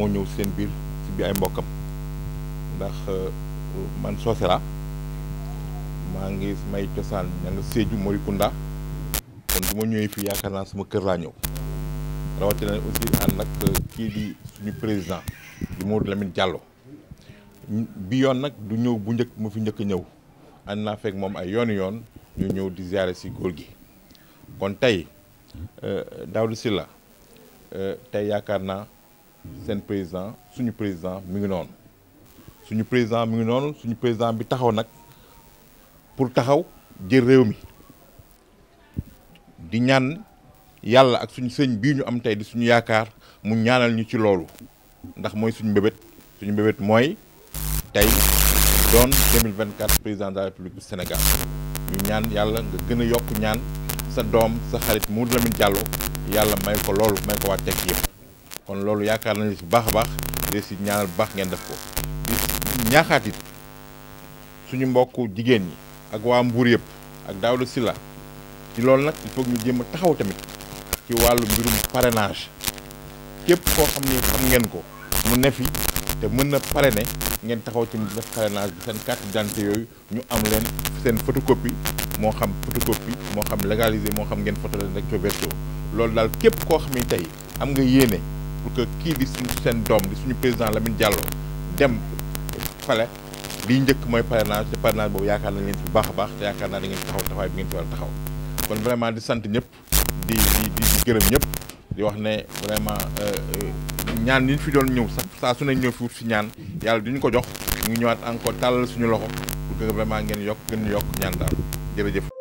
moo ñëw seen biir si bi ay mbokkam ndax euh, man soose laa maa ngi may cosaan ña nga Sédhiou Morikunda kon bu ma ñëwee fii yaakaar naa sama kër laa ñëw rawatina aussi ànd ak euh, kii di suñu président di Modou Lamine Diallo bi yoon nag du ñëw bu njëkk mu fi njëkk ñëw ànd naa fekk moom ay yoonu yoon ñu ñëw di ziare si góor gi kon tey euh, Daouda la tey yaakaar naa seen président suñu président mi ngi noonu suñu président mi ngi noonu suñu président bi taxaw nag pour taxaw jël réew mi di ñaan yàlla ak suñu sëñ bii ñu am tey di suñu yaakaar mu ñaanal ñu ci loolu ndax mooy suñu mbébét suñu mbébét mooy tey doon 2024 président de la république du Sénégal ñu ñaan yàlla nga gën a yokk ñaan sa doom sa xarit Modou Lamine Diallo yàlla may ko loolu may ko waa Tekki yëpp kon loolu yaakaar nañu si baax a baax di si ñaanal baax ngeen def ko di ñaaxaat suñu mbokku jigéen ñi ak waa Mbour yëpp ak Daouda Sylla ci loolu nag il faut ñu jéem a taxaw tamit ci wàllu mbirum parenage képp koo xam ne xam ngeen ko mu ne fi te mën na pare ne ngeen taxaw ci def parrainage bi seen carte d'identité yooyu ñu am leen seen photocopie moo xam photocopie moo xam légalisé moo xam ngeen photo leen recto verso loolu daal képp koo xam ne tey am nga yéene. pour que kii di suñu seen doom di suñu président la Lamine jàlloo dem fale liy njëkk mooy parrainage te parrainage boobu yaakaar nañ leen ci bu baax a baax te yaakaar naa da ngeen taxaw taxawaay bi ngeen ci war a taxaw kon vraiment di sant ñëpp di di gërëm ñëpp di wax ne vraiment euh, ñaan yi ñu fi doon ñëw sax saa su ne ñëw fi wut si ñaan yàlla duñu ko jox mu ngi ñëwaat encore tàllal suñu loxo pour que vraiment ngeen yokk gën yokk ñaan daal jërëjëf.